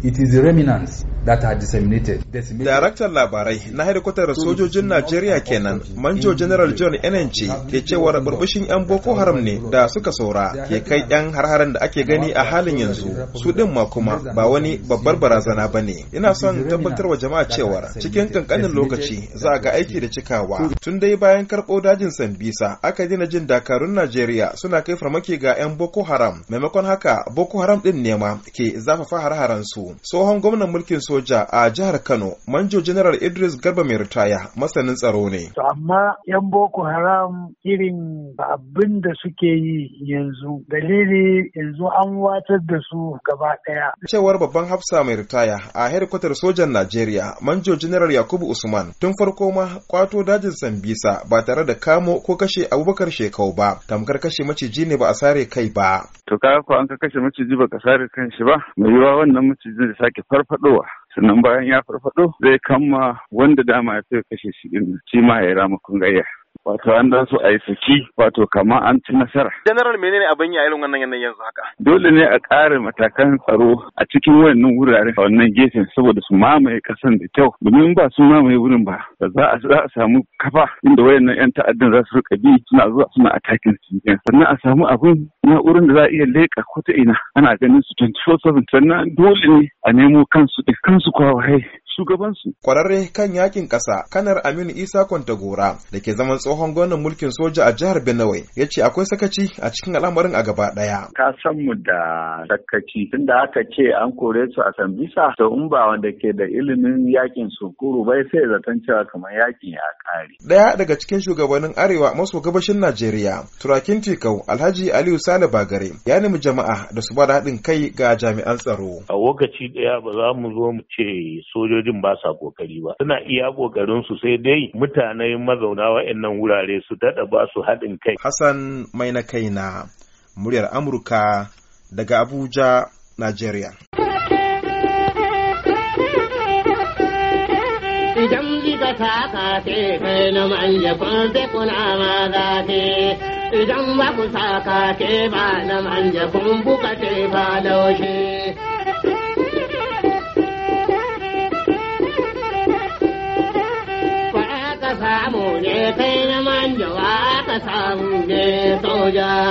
It is the remnants that are disseminated. Daraktan labarai na hedikwatar sojojin Najeriya kenan, Manjo General John NNC, ke cewar burbushin 'yan Boko Haram ne da suka saura ke kai 'yan harharen da ake gani a halin yanzu su ɗin ma kuma ba wani babbar barazana ba ne. Ina son tabbatar wa jama'a cewar cikin kankanin lokaci za a ga aiki da cikawa. Tun dai bayan karɓo dajin Sambisa aka dina jin dakarun Najeriya suna kai farmaki ga 'yan Boko Haram. Maimakon haka Boko Haram ɗin nema ke zafafa harharansu. su. tsohon gwamnan mulkin soja a jihar kano manjo general idris garba mai ritaya masanin tsaro ne to amma yan boko haram irin abin da suke yi yanzu dalili yanzu an watar da su gaba daya cewar babban hafsa mai ritaya a hedkwatar sojan najeriya manjo general yakubu usman tun farko ma kwato dajin sambisa ba tare da kamo ko kashe abubakar shekau ba tamkar kashe maciji ne ba a sare kai ba to ka an ka kashe maciji ba ka sare kan shi ba mai yiwa wannan maciji zai sake farfadowa sannan bayan ya farfado zai kama wanda dama ya sai kashe shi din shi ma ya rama gayya wato an dan so a yi saki wato kama an ci nasara general menene abin ya irin wannan yanayin yanzu haka dole ne a ƙara matakan tsaro a cikin wannan wuraren a wannan gefen saboda su mamaye kasan da kyau domin ba su mamaye wurin ba da za a za a samu kafa inda wayannan yan ta'addan za su rika bi suna zuwa suna atakin su sannan a samu abin wurin da za a iya leƙa ko ta ina ana ganin su 24/7 sannan dole ne a nemo kansu da kansu kwawaye shugabansu. Kwararre kan yakin ƙasa kanar Aminu Isa Kwantagora da ke zaman tsohon gwamnan mulkin soja a jihar Benue ya ce akwai sakaci a cikin al'amarin a gaba ɗaya. Ka san mu da sakaci tunda aka ce an kore su a Sambisa to in ba wanda ke da ilimin yakin sukuru bai sai zaton cewa kamar yakin ya kare. Ɗaya daga cikin shugabannin Arewa maso gabashin Najeriya Turakin Tikau Alhaji Aliyu sa Sale Bagare ya nemi jama'a da su bada haɗin kai ga jami'an tsaro. A lokaci ɗaya ba za mu zo mu ce sojojin ba sa kokari ba. Suna iya kokarin su sai dai mutane mazauna wa'annan wurare su daɗa ba su haɗin kai. Hassan mai na na muryar Amurka daga Abuja, Najeriya. Idan gida kai na zai kuna ma ke. idan ba ku saka ke ba na manja kun buka ce ba laushe. Kwaya ka samu ne kai na manja wa ka samu ne soja.